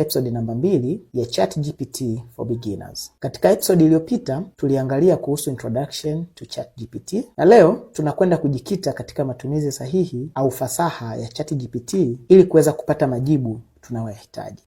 episodi namba mbili ya ChatGPT for Beginners. Katika episodi iliyopita tuliangalia kuhusu introduction to ChatGPT na leo tunakwenda kujikita katika matumizi sahihi au fasaha ya ChatGPT ili kuweza kupata majibu tunayoyahitaji.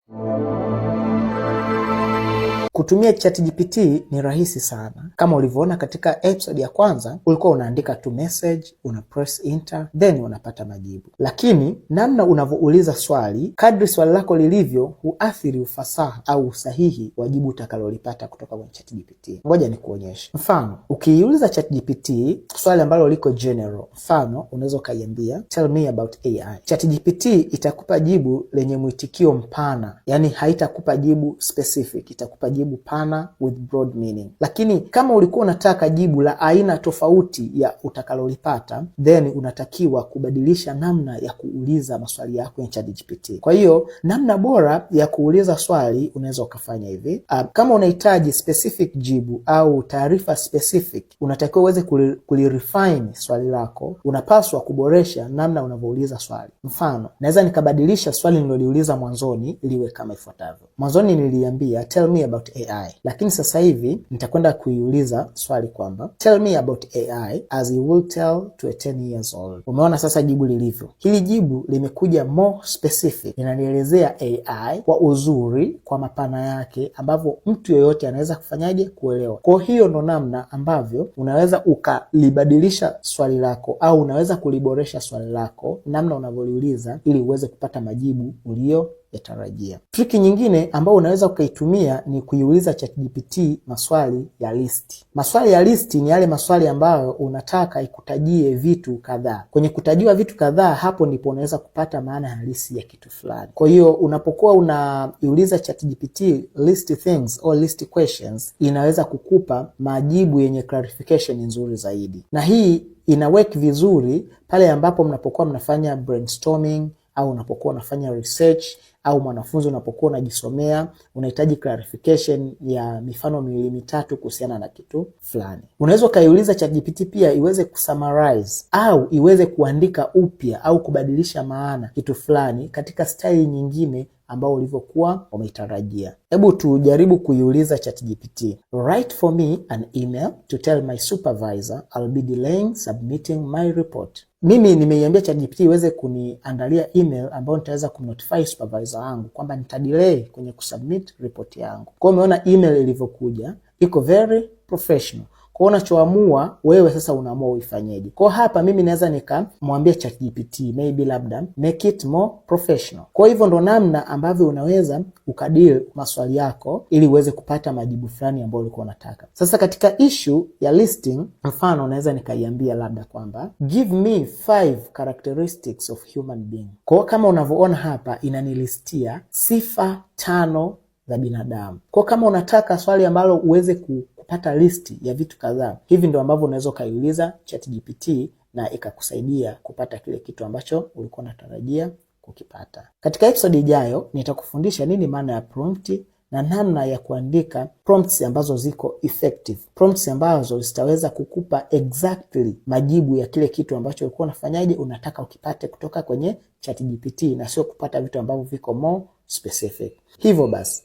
Kutumia ChatGPT ni rahisi sana. Kama ulivyoona katika episode ya kwanza, ulikuwa unaandika tu message, una press enter, then unapata majibu. Lakini namna unavyouliza swali, kadri swali lako lilivyo, huathiri ufasaha au usahihi wa jibu utakalolipata kutoka kwenye ChatGPT. Ngoja nikuonyeshe mfano. Ukiiuliza ChatGPT swali ambalo liko general, mfano unaweza ukaiambia tell me about AI, ChatGPT itakupa jibu lenye mwitikio mpana, yani haitakupa jibu specific, itakupa jibu jibu pana with broad meaning. Lakini kama ulikuwa unataka jibu la aina tofauti ya utakalolipata, then unatakiwa kubadilisha namna ya kuuliza maswali yako kwenye ChatGPT. Kwa hiyo namna bora ya kuuliza swali unaweza ukafanya hivi. Um, kama unahitaji specific jibu au taarifa specific, unatakiwa uweze kulirefine swali lako. Unapaswa kuboresha namna unavyouliza swali. Mfano, naweza nikabadilisha swali niloliuliza mwanzoni liwe kama ifuatavyo. Mwanzoni niliambia tell me about AI, lakini sasa hivi nitakwenda kuiuliza swali kwamba tell me about AI as you will tell to a 10 years old. Umeona sasa jibu lilivyo. Hili jibu limekuja more specific, inanielezea AI kwa uzuri, kwa mapana yake, ambavyo mtu yoyote anaweza kufanyaje kuelewa. Kwa hiyo ndo namna ambavyo unaweza ukalibadilisha swali lako au unaweza kuliboresha swali lako namna unavyoliuliza ili uweze kupata majibu ulio yatarajia Triki nyingine ambayo unaweza ukaitumia ni kuiuliza ChatGPT maswali ya listi. Maswali ya listi ni yale maswali ambayo unataka ikutajie vitu kadhaa. Kwenye kutajiwa vitu kadhaa, hapo ndipo unaweza kupata maana halisi ya kitu fulani. Kwa hiyo unapokuwa unaiuliza ChatGPT list things or list questions, inaweza kukupa majibu yenye clarification nzuri zaidi, na hii inaweki vizuri pale ambapo mnapokuwa mnafanya brainstorming au unapokuwa unafanya research au mwanafunzi unapokuwa unajisomea unahitaji clarification ya mifano miwili mitatu kuhusiana na kitu fulani. Unaweza ukaiuliza ChatGPT pia iweze kusummarize au iweze kuandika upya au kubadilisha maana kitu fulani katika style nyingine ambao ulivyokuwa umeitarajia. Hebu tujaribu kuiuliza ChatGPT, write for me an email to tell my supervisor I'll be delaying submitting my report. Mimi nimeiambia ChatGPT iweze kuniandalia email ambayo nitaweza kumnotify supervisor wangu kwamba nitadelay kwenye kusubmit report yangu. Kwa hiyo umeona email ilivyokuja iko very professional. Kwa unachoamua wewe sasa, unaamua uifanyeje. Kwa hapa mimi naweza nikamwambia ChatGPT maybe labda make it more professional. Kwa hivyo ndo namna ambavyo unaweza ukadili maswali yako ili uweze kupata majibu fulani ambayo ulikuwa unataka. Sasa katika issue ya listing, mfano unaweza nikaiambia labda kwamba give me five characteristics of human being. Kwa kama unavyoona hapa inanilistia sifa tano za binadamu. Kwa kama unataka swali ambalo uweze ku utapata listi ya vitu kadhaa. Hivi ndio ambavyo unaweza ukaiuliza ChatGPT na ikakusaidia kupata kile kitu ambacho ulikuwa unatarajia kukipata. Katika episode ijayo nitakufundisha nini maana ya prompt na namna ya kuandika prompts ambazo ziko effective, prompts ambazo zitaweza kukupa exactly majibu ya kile kitu ambacho ulikuwa unafanyaje, unataka ukipate kutoka kwenye ChatGPT na sio kupata vitu ambavyo viko more specific. Hivyo basi